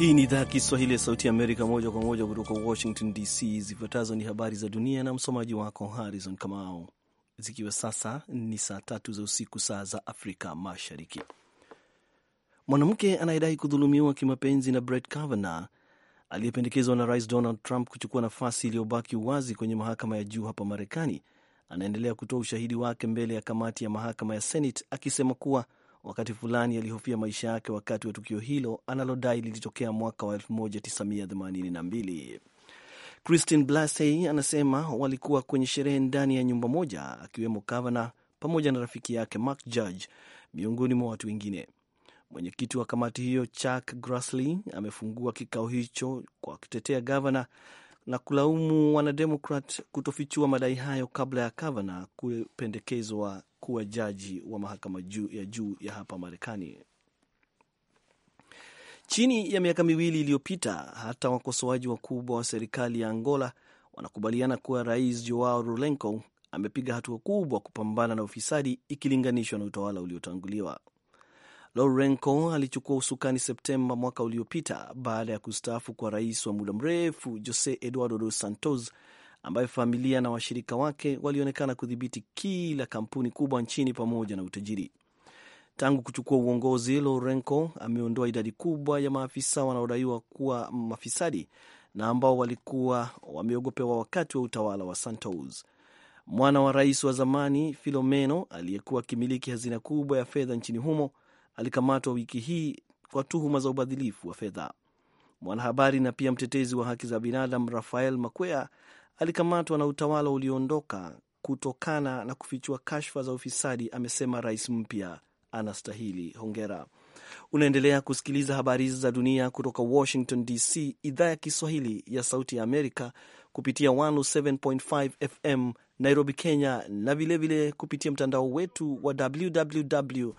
Hii ni idhaa ya Kiswahili ya Sauti ya Amerika, moja kwa moja kutoka Washington DC. Zifuatazo ni habari za dunia na msomaji wako Harrison Kamau, zikiwa sasa ni saa tatu za usiku, saa za Afrika Mashariki. Mwanamke anayedai kudhulumiwa kimapenzi na Brett Kavanaugh aliyependekezwa na Rais Donald Trump kuchukua nafasi iliyobaki wazi kwenye mahakama ya juu hapa Marekani anaendelea kutoa ushahidi wake mbele ya kamati ya mahakama ya Senate akisema kuwa wakati fulani alihofia maisha yake wakati wa tukio hilo analodai lilitokea mwaka wa 1982. Christine Blasey anasema walikuwa kwenye sherehe ndani ya nyumba moja, akiwemo Kavana pamoja na rafiki yake Mark Judge miongoni mwa watu wengine. Mwenyekiti wa kamati hiyo Chuck Grassley amefungua kikao hicho kwa kutetea gavana na kulaumu wanademokrat kutofichua madai hayo kabla ya Kavana kupendekezwa kuwa jaji wa mahakama juu ya juu ya hapa Marekani. Chini ya miaka miwili iliyopita, hata wakosoaji wakubwa wa serikali ya Angola wanakubaliana kuwa Rais Joao Lourenco amepiga hatua kubwa kupambana na ufisadi ikilinganishwa na utawala uliotanguliwa. Lourenco alichukua usukani Septemba mwaka uliopita baada ya kustaafu kwa rais wa muda mrefu Jose Eduardo Dos Santos, ambaye familia na washirika wake walionekana kudhibiti kila kampuni kubwa nchini pamoja na utajiri. Tangu kuchukua uongozi, Lourenco ameondoa idadi kubwa ya maafisa wanaodaiwa kuwa mafisadi na ambao walikuwa wameogopewa wakati wa utawala wa Santos. Mwana wa rais wa zamani Filomeno, aliyekuwa akimiliki hazina kubwa ya fedha nchini humo, alikamatwa wiki hii kwa tuhuma za ubadhilifu wa fedha. Mwanahabari na pia mtetezi wa haki za binadamu Rafael Makwea alikamatwa na utawala ulioondoka kutokana na kufichua kashfa za ufisadi. Amesema rais mpya anastahili hongera. Unaendelea kusikiliza habari hizi za dunia kutoka Washington DC, idhaa ya Kiswahili ya Sauti ya Amerika, kupitia 107.5 FM Nairobi, Kenya, na vilevile kupitia mtandao wetu wa www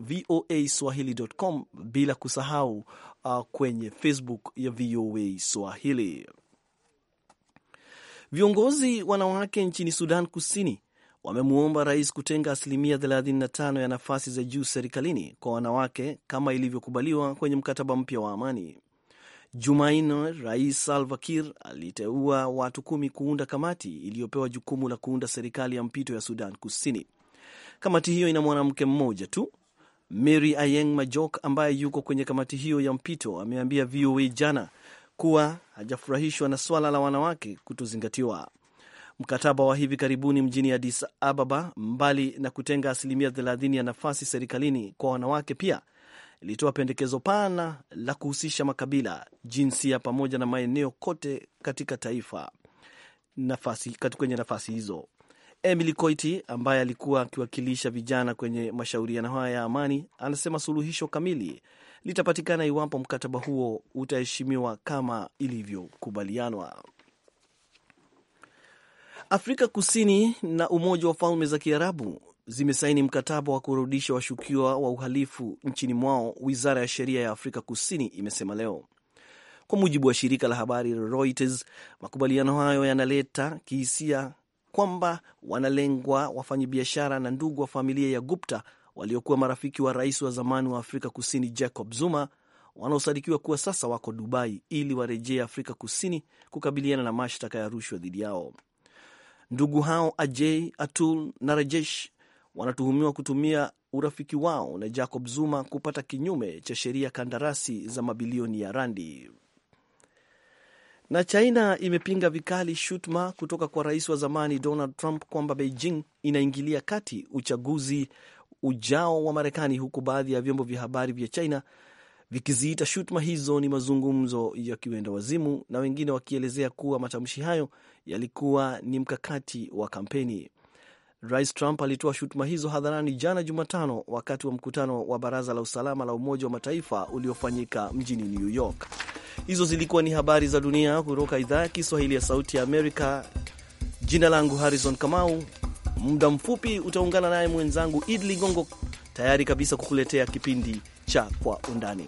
voa swahili.com, bila kusahau uh, kwenye Facebook ya VOA Swahili. Viongozi wanawake nchini Sudan Kusini wamemwomba rais kutenga asilimia 35 ya nafasi za juu serikalini kwa wanawake kama ilivyokubaliwa kwenye mkataba mpya wa amani. Jumanne, Rais Salva Kiir aliteua watu kumi kuunda kamati iliyopewa jukumu la kuunda serikali ya mpito ya Sudan Kusini. Kamati hiyo ina mwanamke mmoja tu, Mary Ayeng Majok, ambaye yuko kwenye kamati hiyo ya mpito, ameambia VOA jana kuwa hajafurahishwa na swala la wanawake kutozingatiwa. Mkataba wa hivi karibuni mjini Addis Ababa, mbali na kutenga asilimia 30 ya nafasi serikalini kwa wanawake, pia ilitoa pendekezo pana la kuhusisha makabila, jinsia pamoja na maeneo kote katika taifa nafasi, kwenye nafasi hizo. Emily Koiti ambaye alikuwa akiwakilisha vijana kwenye mashauriano haya ya amani anasema suluhisho kamili litapatikana iwapo mkataba huo utaheshimiwa kama ilivyokubalianwa. Afrika Kusini na Umoja wa Falme za Kiarabu zimesaini mkataba wa kurudisha washukiwa wa uhalifu nchini mwao, wizara ya sheria ya Afrika Kusini imesema leo, kwa mujibu wa shirika la habari Reuters. Makubaliano hayo yanaleta kihisia kwamba wanalengwa wafanyabiashara na ndugu wa familia ya Gupta waliokuwa marafiki wa rais wa zamani wa Afrika Kusini Jacob Zuma wanaosadikiwa kuwa sasa wako Dubai ili warejee Afrika Kusini kukabiliana na mashtaka ya rushwa dhidi yao. Ndugu hao Ajay, Atul na Rajesh wanatuhumiwa kutumia urafiki wao na Jacob Zuma kupata kinyume cha sheria kandarasi za mabilioni ya randi. Na China imepinga vikali shutuma kutoka kwa rais wa zamani Donald Trump kwamba Beijing inaingilia kati uchaguzi ujao wa Marekani, huku baadhi ya vyombo vya habari vya China vikiziita shutuma hizo ni mazungumzo ya kiwenda wazimu na wengine wakielezea kuwa matamshi hayo yalikuwa ni mkakati wa kampeni. Rais Trump alitoa shutuma hizo hadharani jana Jumatano wakati wa mkutano wa Baraza la Usalama la Umoja wa Mataifa uliofanyika mjini New York. Hizo zilikuwa ni habari za dunia kutoka idhaa ya Kiswahili ya Sauti ya Amerika. Jina langu Harrison Kamau. Muda mfupi utaungana naye mwenzangu Idli Ligongo, tayari kabisa kukuletea kipindi cha Kwa Undani.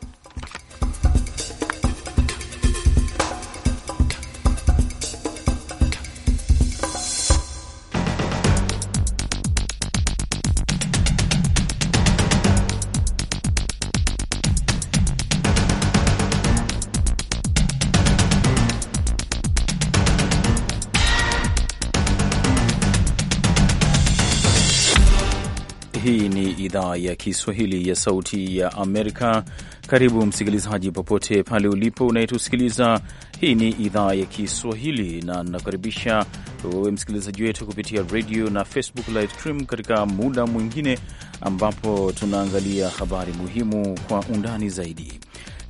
idhaa ya Kiswahili ya Sauti ya Amerika. Karibu msikilizaji, popote pale ulipo unayetusikiliza. Hii ni idhaa ya Kiswahili na nakaribisha wewe msikilizaji wetu kupitia radio na Facebook live stream katika muda mwingine ambapo tunaangalia habari muhimu kwa undani zaidi.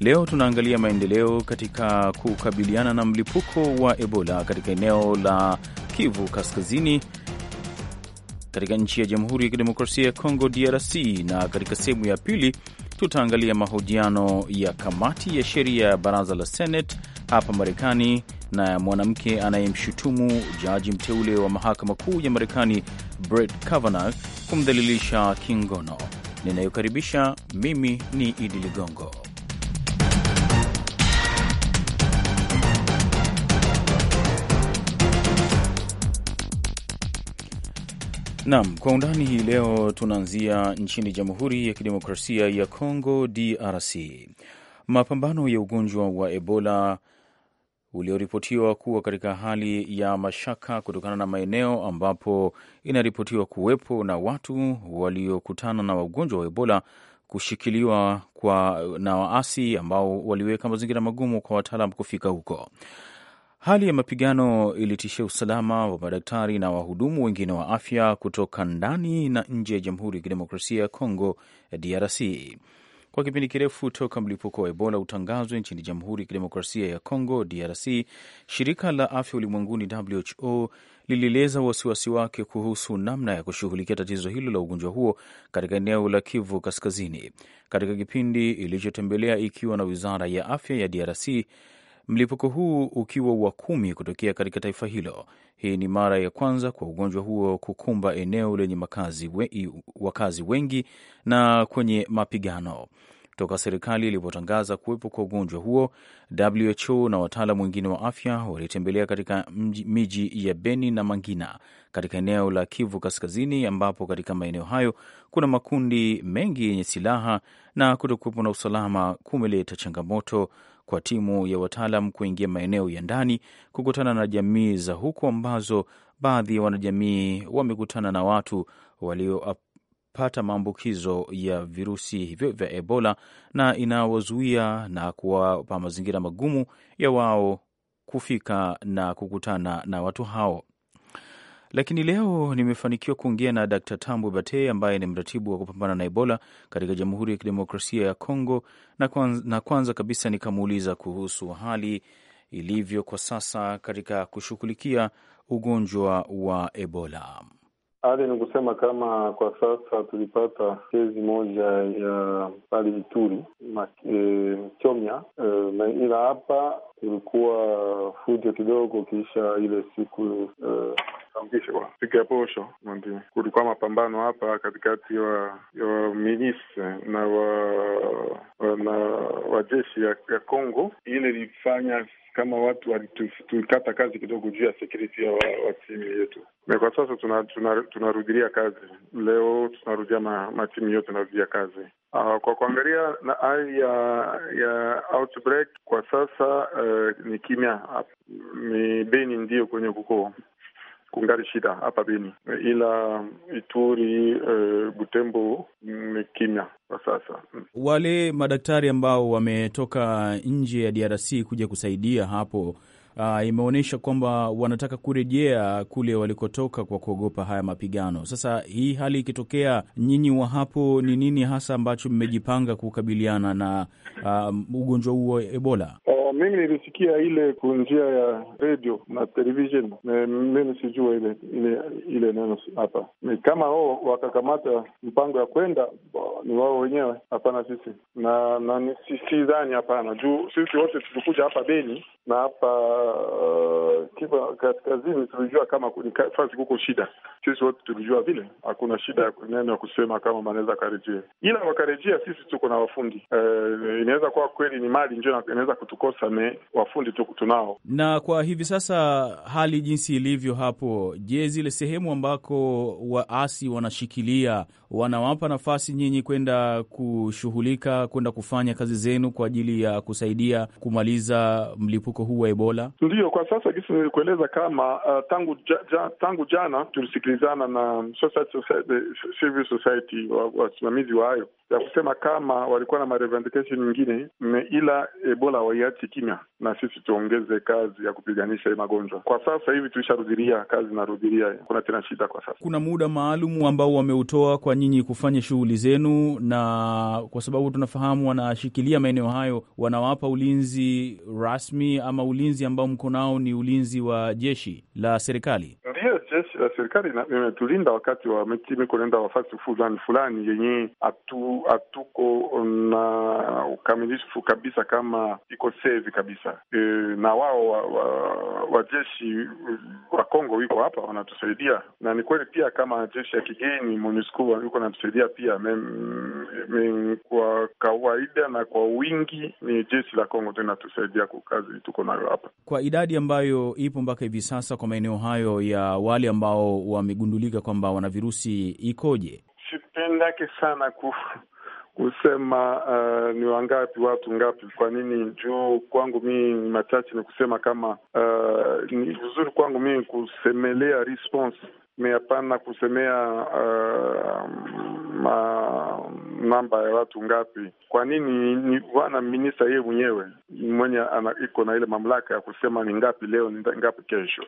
Leo tunaangalia maendeleo katika kukabiliana na mlipuko wa Ebola katika eneo la Kivu Kaskazini katika nchi ya Jamhuri ya Kidemokrasia ya Kongo, DRC, na katika sehemu ya pili tutaangalia mahojiano ya kamati ya sheria ya baraza la Senate hapa Marekani na mwanamke anayemshutumu jaji mteule wa mahakama kuu ya Marekani Brett Kavanaugh kumdhalilisha kingono. Ninayokaribisha mimi ni Idi Ligongo. Naam, kwa undani hii leo tunaanzia nchini Jamhuri ya Kidemokrasia ya Kongo, DRC. Mapambano ya ugonjwa wa Ebola ulioripotiwa kuwa katika hali ya mashaka kutokana na maeneo ambapo inaripotiwa kuwepo na watu waliokutana na wagonjwa wa Ebola kushikiliwa kwa na waasi ambao waliweka mazingira magumu kwa wataalam kufika huko. Hali ya mapigano ilitishia usalama wa madaktari na wahudumu wengine wa afya kutoka ndani na nje ya Jamhuri ya Kidemokrasia ya Kongo, DRC, kwa kipindi kirefu toka mlipuko wa Ebola utangazwe nchini Jamhuri ya Kidemokrasia ya Kongo, DRC. Shirika la Afya Ulimwenguni, WHO, lilieleza wasiwasi wake kuhusu namna ya kushughulikia tatizo hilo la ugonjwa huo katika eneo la Kivu Kaskazini, katika kipindi ilichotembelea ikiwa na wizara ya afya ya DRC mlipuko huu ukiwa wa kumi kutokea katika taifa hilo. Hii ni mara ya kwanza kwa ugonjwa huo kukumba eneo lenye makazi we, wakazi wengi na kwenye mapigano toka serikali ilipotangaza kuwepo kwa ugonjwa huo, WHO na wataalamu wengine wa afya walitembelea katika miji ya Beni na Mangina katika eneo la Kivu Kaskazini, ambapo katika maeneo hayo kuna makundi mengi yenye silaha na kutokuwepo na usalama kumeleta changamoto kwa timu ya wataalam kuingia maeneo ya ndani kukutana na jamii za huko ambazo baadhi ya wanajamii wamekutana na watu waliopata maambukizo ya virusi hivyo vya Ebola na inawazuia na kuwapa mazingira magumu ya wao kufika na kukutana na watu hao. Lakini leo nimefanikiwa kuongea na Dr Tambu Bate ambaye ni mratibu wa kupambana na Ebola katika Jamhuri ya Kidemokrasia ya Kongo, na kwanza, na kwanza kabisa nikamuuliza kuhusu hali ilivyo kwa sasa katika kushughulikia ugonjwa wa Ebola. Hali ni kusema kama kwa sasa tulipata kezi moja ya pale Ituri e, Chomya e, ila hapa kulikuwa fujo kidogo kisha ile siku e, kitambulisho kwa siku ya posho ndi kulikuwa mapambano hapa katikati ya milisi na wa, wa, na wajeshi ya, ya Kongo. Ile ilifanya kama watu walitukata kazi kidogo juu ya security ya wa, wa timu yetu. Na kwa sasa tunarudilia tuna, tuna kazi leo tunarudia ma, yote tunarudia kazi. Uh, kwa kuangalia na hali ya ya outbreak kwa sasa uh, ni kimya, ni Beni ndio kwenye kukoo kungali shida hapa Beni, ila Ituri, e, Butembo ni kimya kwa sasa. Mm. Wale madaktari ambao wametoka nje ya DRC kuja kusaidia hapo uh, imeonyesha kwamba wanataka kurejea kule walikotoka kwa kuogopa haya mapigano. Sasa hii hali ikitokea, nyinyi wa hapo, ni nini hasa ambacho mmejipanga kukabiliana na uh, ugonjwa huu wa Ebola? Ah, mimi nilisikia ile ku njia ya radio na television, mimi sijua ile ile ile neno hapa. Kama wao wakakamata mpango ya kwenda, ni wao wenyewe, hapana sisi na, na sidhani, hapana juu sisi wote tulikuja hapa Beni na hapa uh, Kivu Kaskazini tulijua kama fasi kuko shida. Sisi wote tulijua vile, hakuna shida ya neno ya kusema kama wanaweza karejea, ila wakarejea, sisi tuko na wafundi uh, inaweza kuwa kweli ni mali njio inaweza kutukosa, me wafundi tuku tunao. Na kwa hivi sasa hali jinsi ilivyo hapo, je, zile sehemu ambako waasi wanashikilia wanawapa nafasi nyinyi kwenda kushughulika, kwenda kufanya kazi zenu kwa ajili ya kusaidia kumaliza mlipo mlipuko huu wa Ebola? Ndiyo, kwa sasa gisi nilikueleza kama uh, tangu ja, ja, tangu jana tulisikilizana na Society, Civil Society wasimamizi wa hayo ya kusema kama walikuwa na marevendication nyingine, ila Ebola waiachi kimya na sisi tuongeze kazi ya kupiganisha hii magonjwa. Kwa sasa hivi tulisharudhiria kazi narudilia, kuna tena shida kwa sasa. Kuna muda maalum ambao wameutoa kwa nyinyi kufanya shughuli zenu, na kwa sababu tunafahamu wanashikilia maeneo hayo, wanawapa ulinzi rasmi ama ulinzi ambao mko nao ni ulinzi wa jeshi la serikali? la serikali imetulinda wakati wa mitimi kunaenda wafasi fulani fulani yenye atu, atuko na ukamilifu kabisa kama iko save kabisa e, na wao wajeshi wa, wa, wa Kongo wiko hapa wanatusaidia, na ni kweli pia kama jeshi ya kigeni MONUSCO yuko natusaidia pia mem, mem, kwa kawaida na kwa wingi ni jeshi la Kongo tena tusaidia kwa kazi tuko nayo hapa, kwa idadi ambayo ipo mpaka hivi sasa kwa maeneo hayo ya wale ambao ambao wamegundulika kwamba wana virusi ikoje? Sipendake sana ku, kusema uh, ni wangapi watu ngapi, kwa nini juu kwangu mii ni machache. Ni kusema kama uh, ni vizuri kwangu mii kusemelea response mehapana kusemea uh, ma namba ya watu ngapi? Kwa nini ni bwana minista yeye mwenyewe mwenye iko na ile mamlaka ya kusema ni ngapi leo ni ngapi kesho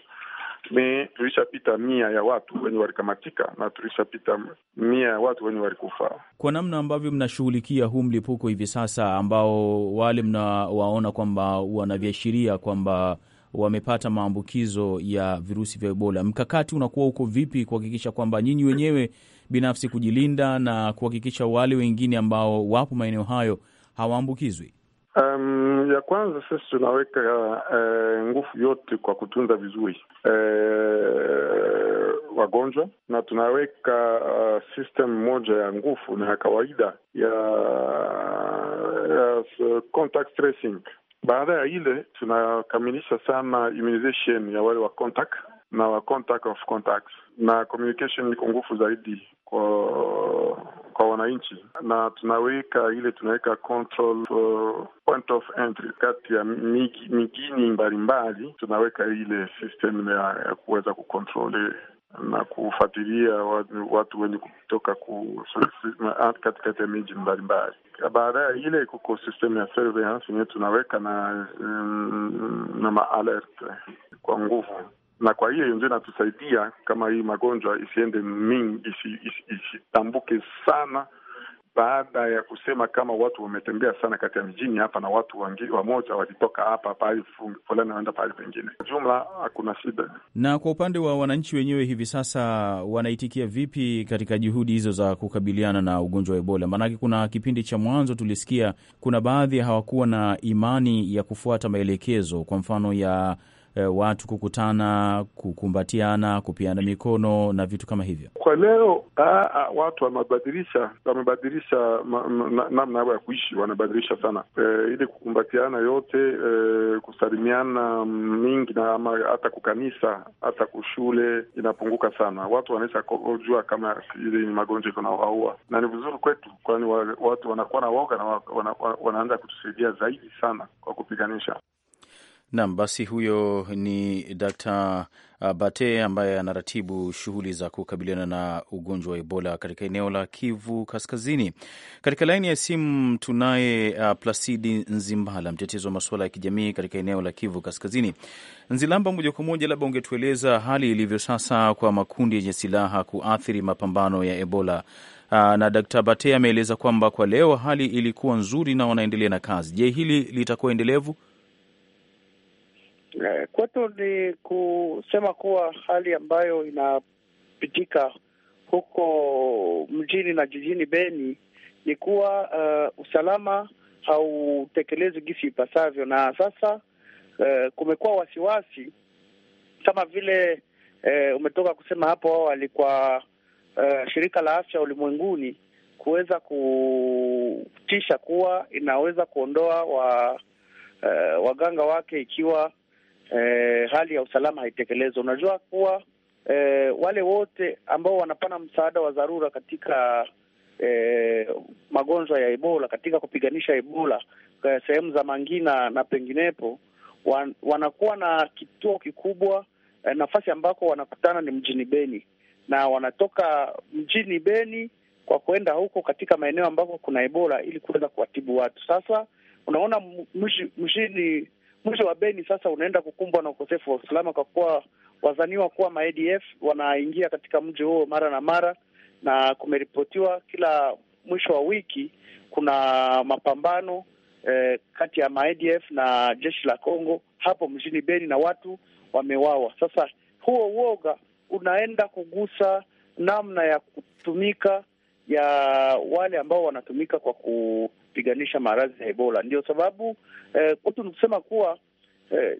me tulishapita mia ya watu wenye walikamatika na tulishapita mia ya watu wenye walikufa. Kwa namna ambavyo mnashughulikia huu mlipuko hivi sasa, ambao wale mnawaona kwamba wanaviashiria kwamba wamepata maambukizo ya virusi vya Ebola, mkakati unakuwa uko vipi kuhakikisha kwamba nyinyi wenyewe binafsi kujilinda na kuhakikisha wale wengine ambao wapo maeneo hayo hawaambukizwi? Um, ya kwanza sisi tunaweka uh, nguvu yote kwa kutunza vizuri uh, wagonjwa na tunaweka uh, system moja ya nguvu na ya kawaida ya, ya contact tracing. Baada ya ile tunakamilisha sana immunization ya wale wa contact na wa contact of contacts, na communication iko nguvu zaidi kwa kwa wananchi, na tunaweka ile tunaweka control uh, point of entry kati ya mijini mbalimbali, tunaweka ile system ya kuweza kukontrol eh, na kufuatilia watu wenye kutoka ku, katikati ya miji mbalimbali. ya ile kuko system ya surveillance yenyewe tunaweka na, mm, na maalert kwa nguvu na kwa hiyo hiyo inatusaidia kama hii magonjwa isiende mingi, isitambuke isi, isi sana, baada ya kusema kama watu wametembea sana kati ya mijini hapa na watu wangi, wamoja walitoka hapa pahali fulani wanaenda pahali pengine. Jumla hakuna shida. Na kwa upande wa wananchi wenyewe, hivi sasa wanaitikia vipi katika juhudi hizo za kukabiliana na ugonjwa wa Ebola? Maanake kuna kipindi cha mwanzo tulisikia kuna baadhi hawakuwa na imani ya kufuata maelekezo, kwa mfano ya Eh, watu kukutana, kukumbatiana, kupiana mikono na vitu kama hivyo. Kwa leo aa, watu wamebadilisha wamebadilisha namna yao ya kuishi wanabadilisha sana e, ili kukumbatiana yote e, kusalimiana mingi na ama hata kukanisa hata kushule inapunguka sana. Watu wanaweza jua kama ile ni magonjwa iko na ni vizuri kwetu, kwani watu wanakuwa na woga na wanaanza kutusaidia zaidi sana kwa kupiganisha Nam, basi huyo ni Dr. Bate ambaye anaratibu shughuli za kukabiliana na ugonjwa wa Ebola katika eneo la Kivu Kaskazini. Katika laini ya simu tunaye uh, Plasidi Nzimbala, mtetezi wa masuala ya kijamii katika eneo la Kivu Kaskazini. Nzilamba, moja kwa moja, labda ungetueleza hali ilivyo sasa kwa makundi yenye silaha kuathiri mapambano ya Ebola. Uh, na Dr. Bate ameeleza kwamba kwa leo hali ilikuwa nzuri na wanaendelea na kazi. Je, hili litakuwa endelevu? Eh, kwetu ni kusema kuwa hali ambayo inapitika huko mjini na jijini Beni ni kuwa uh, usalama hautekelezi gisi ipasavyo, na sasa uh, kumekuwa wasiwasi kama vile uh, umetoka kusema hapo awali kwa uh, shirika la afya ulimwenguni kuweza kutisha kuwa inaweza kuondoa wa, uh, waganga wake ikiwa eh, hali ya usalama haitekelezwa. Unajua kuwa eh, wale wote ambao wanapana msaada wa dharura katika eh, magonjwa ya Ebola, katika kupiganisha Ebola eh, sehemu za Mangina na penginepo, wan, wanakuwa na kituo kikubwa eh, nafasi ambako wanakutana ni mjini Beni na wanatoka mjini Beni kwa kuenda huko katika maeneo ambako kuna Ebola ili kuweza kuwatibu watu. Sasa unaona mjini mwisho wa Beni sasa unaenda kukumbwa na ukosefu wa usalama kwa kuwa wazaniwa kuwa maADF wanaingia katika mji huo mara na mara, na kumeripotiwa kila mwisho wa wiki kuna mapambano eh, kati ya maADF na jeshi la Kongo hapo mjini Beni na watu wamewawa. Sasa huo uoga unaenda kugusa namna ya kutumika ya wale ambao wanatumika kwa ku kupiganisha maradhi ya Ebola. Ndio sababu eh, kwetu nikusema kusema kuwa eh,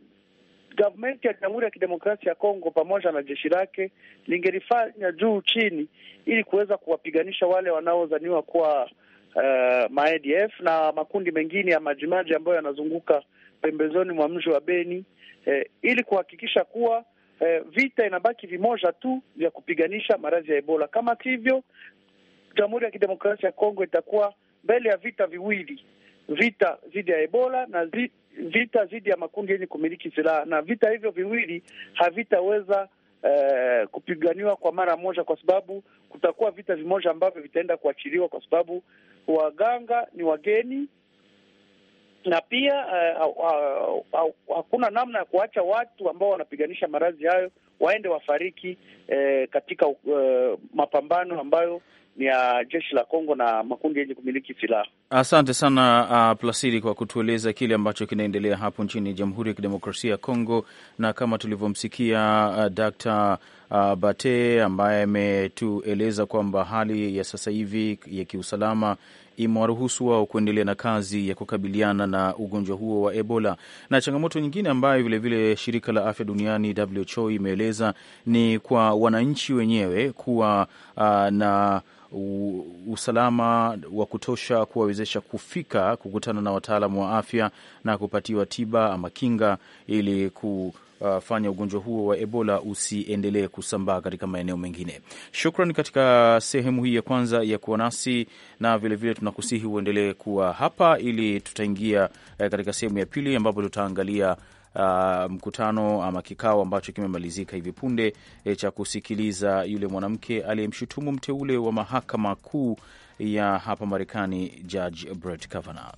gavumenti ya Jamhuri ya Kidemokrasia ya Kongo pamoja na jeshi lake lingelifanya juu chini ili kuweza kuwapiganisha wale wanaozaniwa kuwa uh, ma na makundi mengine ya majimaji ambayo yanazunguka pembezoni mwa mji wa Beni eh, ili kuhakikisha kuwa eh, vita inabaki vimoja tu vya kupiganisha maradhi ya Ebola. Kama sivyo, Jamhuri ya Kidemokrasia ya Kongo itakuwa mbele ya vita viwili, vita dhidi ya Ebola na zi, vita dhidi ya makundi yenye kumiliki silaha, na vita hivyo viwili havitaweza Uh, kupiganiwa kwa mara moja kwa sababu kutakuwa vita vimoja ambavyo vitaenda kuachiliwa kwa sababu waganga ni wageni, na pia uh, uh, uh, uh, hakuna namna ya kuacha watu ambao wanapiganisha maradhi hayo waende wafariki uh, katika uh, mapambano ambayo ni ya jeshi la Kongo na makundi yenye kumiliki silaha. Asante sana uh, Plasidi, kwa kutueleza kile ambacho kinaendelea hapo nchini Jamhuri ya Kidemokrasia ya Kongo, na kama tulivyomsikia uh, Dr. uh, Bate ambaye ametueleza kwamba hali ya sasa hivi ya kiusalama imewaruhusu wao kuendelea na kazi ya kukabiliana na ugonjwa huo wa Ebola. Na changamoto nyingine ambayo vilevile vile shirika la afya duniani WHO imeeleza ni kwa wananchi wenyewe kuwa uh, na usalama wa kutosha kuwawezesha kuwawezesha kufika kukutana na wataalamu wa afya na kupatiwa tiba ama kinga ili ku fanya ugonjwa huo wa Ebola usiendelee kusambaa katika maeneo mengine. Shukran katika sehemu hii ya kwanza ya kuwa nasi, na vilevile tunakusihi uendelee kuwa hapa ili tutaingia eh, katika sehemu ya pili ambapo tutaangalia Uh, mkutano ama kikao ambacho kimemalizika hivi punde eh, cha kusikiliza yule mwanamke aliyemshutumu mteule wa mahakama kuu ya hapa Marekani, Judge Brett Kavanaugh.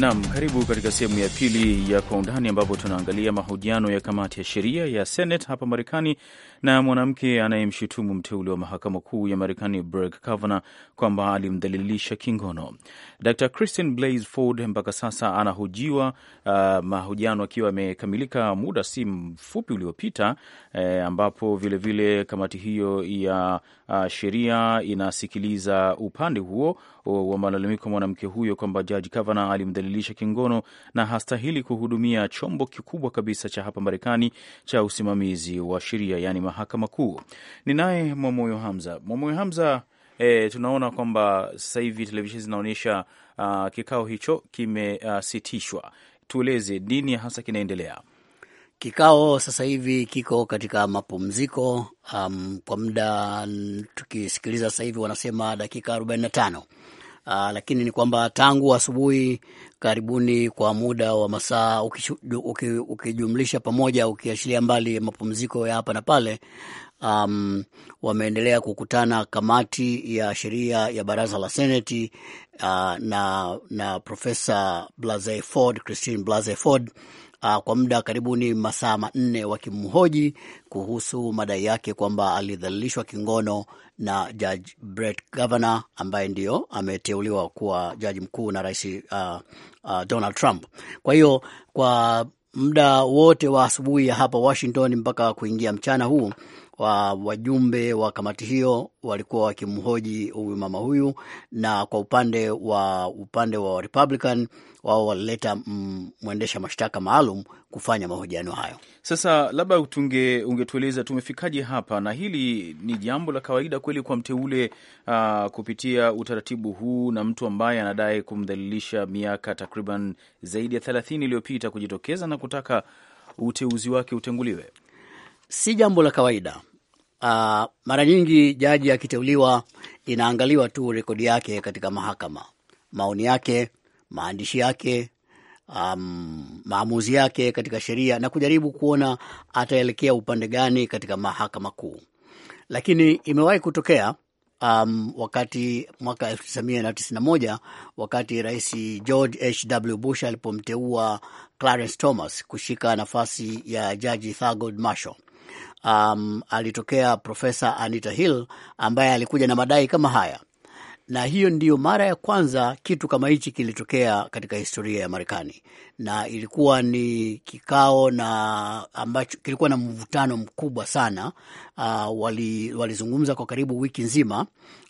Naam, karibu katika sehemu ya pili ya Kwa Undani, ambapo tunaangalia mahojiano ya kamati ya sheria ya Senate hapa Marekani na mwanamke anayemshutumu mteule wa mahakama kuu ya Marekani Brett Kavanaugh kwamba alimdhalilisha kingono. Dr Christine Blasey Ford mpaka sasa anahojiwa, uh, mahojiano akiwa amekamilika muda si mfupi uliopita, eh, ambapo vilevile vile kamati hiyo ya uh, sheria inasikiliza upande huo wa malalamiko mwanamke huyo kwamba Jaji Kavanaugh alimdhalilisha kingono na hastahili kuhudumia chombo kikubwa kabisa cha hapa Marekani cha usimamizi wa sheria, yaani mahakama kuu. Ni naye Mwamoyo Hamza. Mwamoyo Hamza, E, tunaona kwamba sasa hivi televisheni zinaonyesha uh, kikao hicho kimesitishwa. Uh, tueleze nini hasa kinaendelea? Kikao sasa hivi kiko katika mapumziko um, kwa muda tukisikiliza sasa hivi wanasema dakika 45. Uh, lakini ni kwamba tangu asubuhi karibuni kwa muda wa masaa ukijumlisha pamoja ukiashiria mbali mapumziko ya hapa na pale, um, wameendelea kukutana kamati ya sheria ya baraza la seneti uh, na, na Profesa Blasey Ford, Christine Blasey Ford uh, kwa muda karibuni masaa manne wakimhoji kuhusu madai yake kwamba alidhalilishwa kingono na Judge Brett Kavanaugh ambaye ndiyo ameteuliwa kuwa jaji mkuu na Rais uh, uh, Donald Trump. Kwa hiyo kwa muda wote wa asubuhi ya hapa Washington mpaka kuingia mchana huu wa wajumbe wa kamati hiyo walikuwa wakimhoji huyu mama huyu, na kwa upande wa upande wa Republican wao walileta mm, mwendesha mashtaka maalum kufanya mahojiano hayo. Sasa labda utunge ungetueleza tumefikaje hapa, na hili ni jambo la kawaida kweli kwa mteule uh, kupitia utaratibu huu na mtu ambaye anadai kumdhalilisha miaka takriban zaidi ya thelathini iliyopita kujitokeza na kutaka uteuzi wake utenguliwe? si jambo la kawaida. Uh, mara nyingi jaji akiteuliwa inaangaliwa tu rekodi yake katika mahakama, maoni yake, maandishi yake, um, maamuzi yake katika sheria na kujaribu kuona ataelekea upande gani katika mahakama kuu. Lakini imewahi kutokea um, wakati mwaka 1991 wakati Rais George H.W. Bush alipomteua Clarence Thomas kushika nafasi ya Jaji Thurgood Marshall um, alitokea Profesa Anita Hill ambaye alikuja na madai kama haya, na hiyo ndiyo mara ya kwanza kitu kama hichi kilitokea katika historia ya Marekani, na ilikuwa ni kikao na ambacho kilikuwa na mvutano mkubwa sana. Uh, walizungumza wali kwa karibu wiki nzima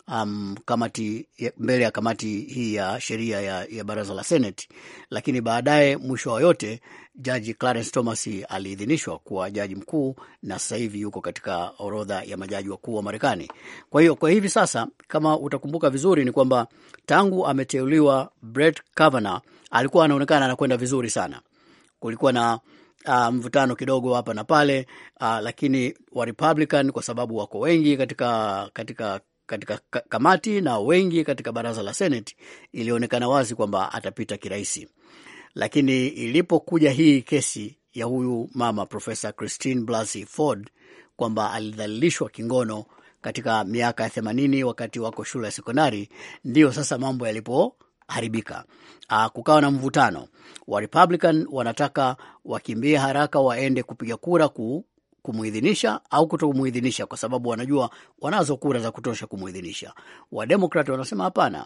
um, kamati mbele ya kamati hii ya sheria ya, ya baraza la Seneti, lakini baadaye mwisho wa yote jaji Clarence Thomas aliidhinishwa kuwa jaji mkuu na sasa hivi yuko katika orodha ya majaji wakuu wa Marekani. Kwa hiyo kwa hivi sasa, kama utakumbuka vizuri, ni kwamba tangu ameteuliwa Brett Kavanaugh alikuwa anaonekana anakwenda vizuri sana. Kulikuwa na Uh, mvutano kidogo hapa na pale uh, lakini wa Republican kwa sababu wako wengi katika, katika katika kamati na wengi katika baraza la Seneti, ilionekana wazi kwamba atapita kirahisi, lakini ilipokuja hii kesi ya huyu mama Profesa Christine Blasey Ford kwamba alidhalilishwa kingono katika miaka ya themanini wakati wako shule ya sekondari, ndiyo sasa mambo yalipoharibika. Ah, kukawa na mvutano wa Republican, wanataka wakimbie haraka waende kupiga kura ku kumuidhinisha au kutomuidhinisha kwa sababu wanajua wanazo kura za kutosha kumuidhinisha. Wademokrat wanasema hapana,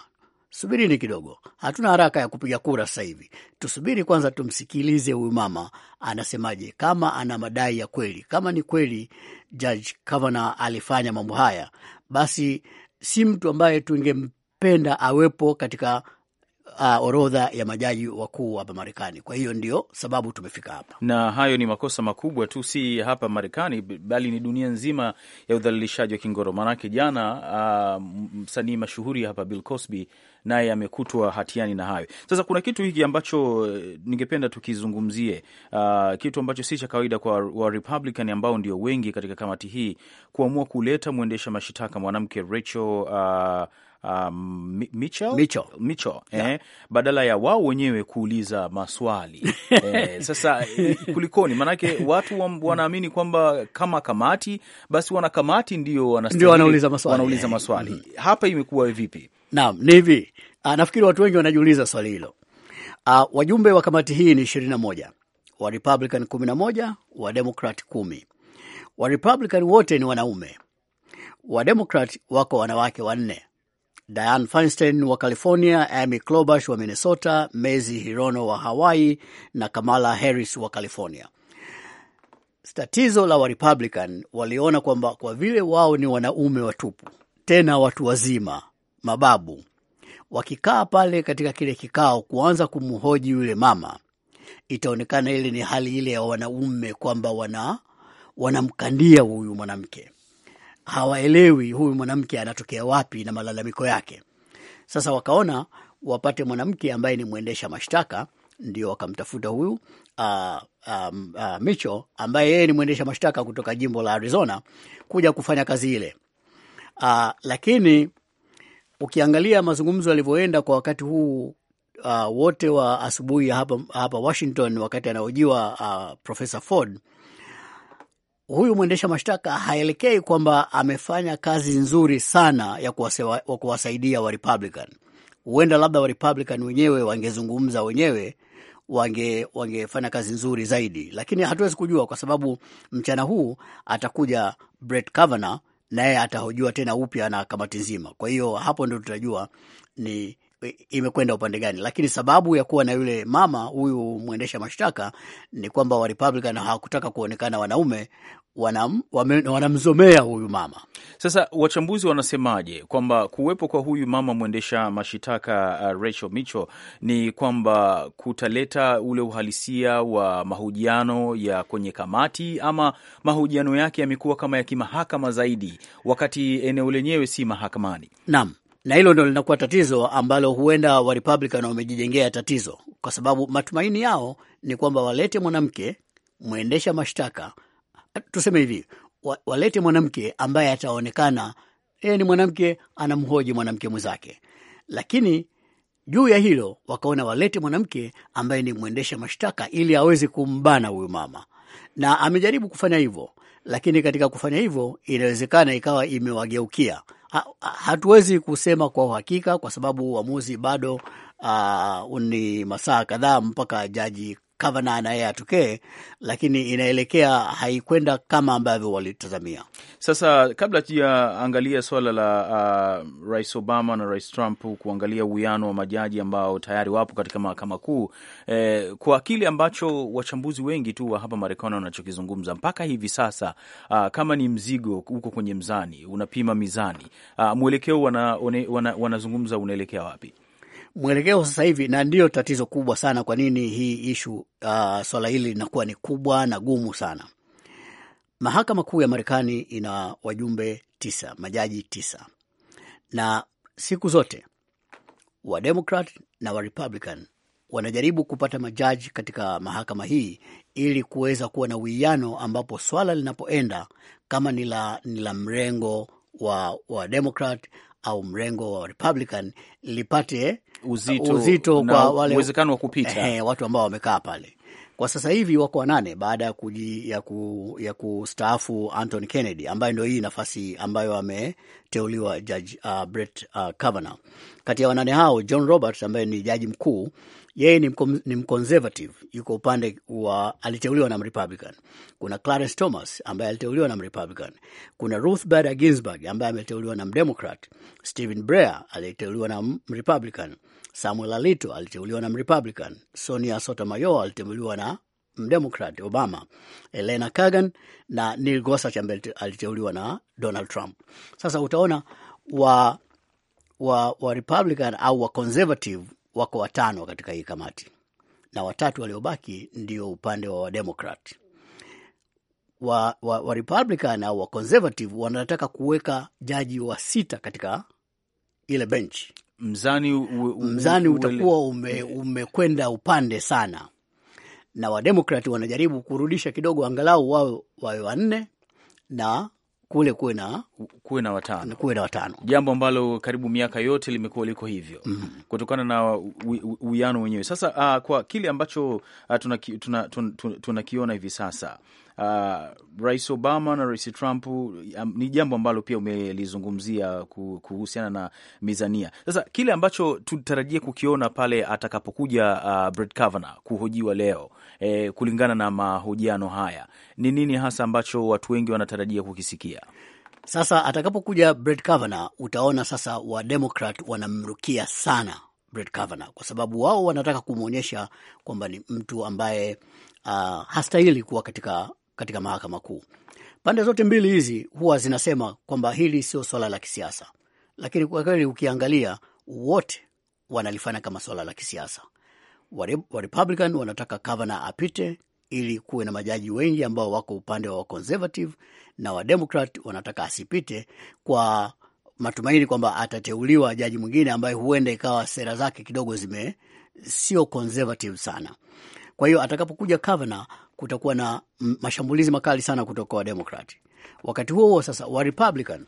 subirini kidogo, hatuna haraka ya kupiga kura sasa hivi, tusubiri kwanza, tumsikilize huyu mama anasemaje, kama ana madai ya kweli. Kama ni kweli Judge Kavanaugh alifanya mambo haya, basi si mtu ambaye tungempenda awepo katika uh, orodha ya majaji wakuu hapa Marekani. Kwa hiyo ndio sababu tumefika hapa, na hayo ni makosa makubwa tu, si hapa Marekani bali ni dunia nzima ya udhalilishaji wa kingoro. Maanake jana, uh, msanii mashuhuri hapa Bill Cosby naye amekutwa hatiani na hayo. Sasa kuna kitu hiki ambacho eh, ningependa tukizungumzie, uh, kitu ambacho si cha kawaida kwa wa Republican ambao ndio wengi katika kamati hii kuamua kuleta mwendesha mashitaka mwanamke Rachel uh, um, Mitchell? Mitchell. Eh? yeah. Eh, badala ya wao wenyewe kuuliza maswali eh, sasa eh, kulikoni? Maanake watu wanaamini kwamba kama kamati basi wana kamati ndio wanauliza maswali, wanauliza maswali. Mm -hmm. Hapa imekuwa vipi? Naam, ni hivi, ah, nafikiri watu wengi wanajiuliza swali hilo. Uh, wajumbe wa kamati hii ni ishirini na moja wa Republican kumi na moja wa Democrat kumi wa Republican wote ni wanaume, wa Democrat wako wanawake wanne dian Feinstein wa California, Amy Klobuchar wa Minnesota, mezi Hirono wa Hawaii na Kamala Harris wa California. Tatizo la Warepublican waliona kwamba kwa vile wao ni wanaume watupu, tena watu wazima mababu, wakikaa pale katika kile kikao kuanza kumhoji yule mama, itaonekana ile ni hali ile ya wanaume kwamba wana wanamkandia huyu mwanamke hawaelewi huyu mwanamke anatokea wapi na malalamiko yake. Sasa wakaona wapate mwanamke ambaye ni mwendesha mashtaka, ndio wakamtafuta huyu uh, ah, um, ah, uh, ah, Micho ambaye yeye ni mwendesha mashtaka kutoka jimbo la Arizona kuja kufanya kazi ile. Uh, lakini ukiangalia mazungumzo yalivyoenda kwa wakati huu uh, wote wa asubuhi hapa, hapa Washington wakati anaojiwa uh, Profesa Ford huyu mwendesha mashtaka haelekei kwamba amefanya kazi nzuri sana ya kuwasewa, kuwasaidia wa Republican. Huenda labda wa Republican wenyewe wangezungumza wenyewe wange, wangefanya kazi nzuri zaidi, lakini hatuwezi kujua kwa sababu mchana huu atakuja Brett Kavanaugh naye atahojiwa tena upya na kamati nzima. Kwa hiyo hapo ndio tutajua ni imekwenda upande gani, lakini sababu ya kuwa na yule mama huyu mwendesha mashtaka ni kwamba wa Republican hawakutaka kuonekana wanaume wanam, wanamzomea huyu mama. Sasa wachambuzi wanasemaje kwamba kuwepo kwa huyu mama mwendesha mashitaka uh, Rachel Mitchell ni kwamba kutaleta ule uhalisia wa mahojiano ya kwenye kamati, ama mahojiano yake yamekuwa kama ya kimahakama zaidi, wakati eneo lenyewe si mahakamani. Naam, na hilo ndo linakuwa tatizo ambalo huenda Warepublican wamejijengea tatizo, kwa sababu matumaini yao ni kwamba walete mwanamke mwendesha mashtaka, tuseme hivi, walete mwanamke ambaye ataonekana yeye ni mwanamke, anamhoji mwanamke mwenzake. Lakini juu ya hilo wakaona walete mwanamke ambaye ni mwendesha mashtaka ili aweze kumbana huyu mama, na amejaribu kufanya hivyo lakini katika kufanya hivyo inawezekana ikawa imewageukia. Ha, hatuwezi kusema kwa uhakika kwa sababu uamuzi bado uh, ni masaa kadhaa mpaka jaji Kavanaugh naye atokee, lakini inaelekea haikwenda kama ambavyo walitazamia. Sasa kabla tujaangalia swala la uh, Rais Obama na Rais Trump kuangalia uwiano wa majaji ambao tayari wapo katika mahakama kuu eh, kwa kile ambacho wachambuzi wengi tu wa hapa Marekani wanachokizungumza mpaka hivi sasa uh, kama ni mzigo huko kwenye mzani, unapima mizani uh, mwelekeo wanazungumza wana, wana unaelekea wapi? mwelekeo sasa hivi, na ndiyo tatizo kubwa sana. Kwa nini hii ishu uh, swala hili linakuwa ni kubwa na gumu sana? Mahakama Kuu ya Marekani ina wajumbe tisa, majaji tisa, na siku zote Wademokrat na Warepublican wanajaribu kupata majaji katika mahakama hii ili kuweza kuwa na uwiano, ambapo swala linapoenda kama ni la mrengo wa Wademokrat au mrengo wa Republican lipate uzito, uzito kwa wale uwezekano wa kupita eh, watu ambao wamekaa pale kwa sasa hivi wako wanane baada ya, kuji, ya, ku, ya kustaafu Anthony Kennedy ambaye ndio hii nafasi ambayo ameteuliwa Judge uh, Brett uh, Kavanaugh. Kati ya wanane hao John Roberts ambaye ni jaji mkuu yeye ni, mkom, ni mconservative yuko upande wa aliteuliwa na Mrepublican. Kuna Clarence Thomas ambaye aliteuliwa na Mrepublican. Kuna Ruth Bader Ginsburg ambaye ameteuliwa na Mdemocrat. Stephen Breyer aliteuliwa na Mrepublican. Samuel Alito aliteuliwa na Mrepublican, Sonia Sotomayor aliteuliwa na Mdemokrat Obama, Elena Kagan na Neil Gorsuch ambaye aliteuliwa na Donald Trump. Sasa utaona wa, wa, wa Republican au wa conservative wako watano katika hii kamati na watatu waliobaki ndio upande wa wademokrat. Wa, wa, wa Republican au wa conservative wanataka kuweka jaji wa sita katika ile benchi mzani, u, mzani utakuwa ume, umekwenda upande sana, na wademokrati wanajaribu kurudisha kidogo, angalau wawe wawe wanne na kule kuwe na kuwe na watano, kuwe na watano, jambo ambalo karibu miaka yote limekuwa liko hivyo mm -hmm. kutokana na uwiano wenyewe. Sasa uh, kwa kile ambacho uh, tunakiona tuna, tuna, tuna, tuna hivi sasa uh, Rais Obama na Rais Trump um, ni jambo ambalo pia umelizungumzia kuhusiana na mizania. Sasa kile ambacho tutarajia kukiona pale atakapokuja uh, Brett Kavanaugh kuhojiwa leo eh, kulingana na mahojiano haya ni nini hasa ambacho watu wengi wanatarajia kukisikia? Sasa atakapokuja Brett Kavanaugh, utaona sasa Wademokrat wanamrukia sana Brett Kavanaugh kwa sababu wao wanataka kumwonyesha kwamba ni mtu ambaye uh, hastahili kuwa katika katika mahakama kuu. Pande zote mbili hizi huwa zinasema kwamba hili sio swala la kisiasa, lakini kwa kweli ukiangalia wote wanalifanya kama swala la kisiasa. Wa Republican wanataka Kavanaugh apite ili kuwe na majaji wengi ambao wako upande wa conservative, na Wademokrat wanataka asipite kwa matumaini kwamba atateuliwa jaji mwingine ambaye huenda ikawa sera zake kidogo zime sio conservative sana. Kwa hiyo atakapokuja Kavanaugh kutakuwa na mashambulizi makali sana kutoka kwa Wademokrat. Wakati huo huo sasa wa Republican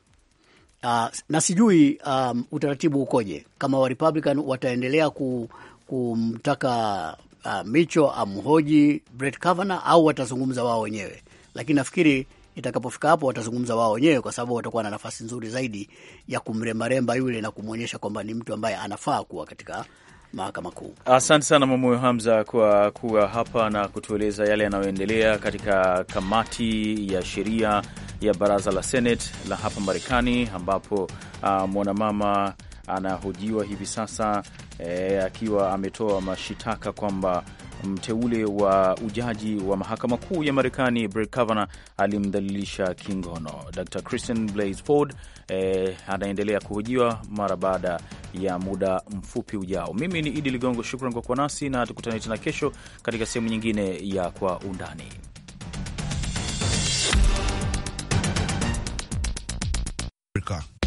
uh, na sijui um, utaratibu ukoje kama wa Republican wataendelea ku, kumtaka uh, Micho amhoji Brett Kavanaugh au watazungumza wao wenyewe, lakini nafikiri itakapofika hapo watazungumza wao wenyewe, kwa sababu watakuwa na nafasi nzuri zaidi ya kumrembaremba yule na kumwonyesha kwamba ni mtu ambaye anafaa kuwa katika mahakama kuu. Asante sana Mwamoyo Hamza kwa kuwa hapa na kutueleza yale yanayoendelea katika kamati ya sheria ya baraza la Senate la hapa Marekani, ambapo uh, mwanamama anahojiwa hivi sasa eh, akiwa ametoa mashitaka kwamba mteule wa ujaji wa mahakama kuu ya Marekani Brett Kavanaugh alimdhalilisha kingono. Dr. Christian Blasey Ford eh, anaendelea kuhojiwa mara baada ya muda mfupi ujao. Mimi ni Idi Ligongo, shukran kwa kuwa nasi na tukutane tena kesho katika sehemu nyingine ya Kwa Undani. Afrika.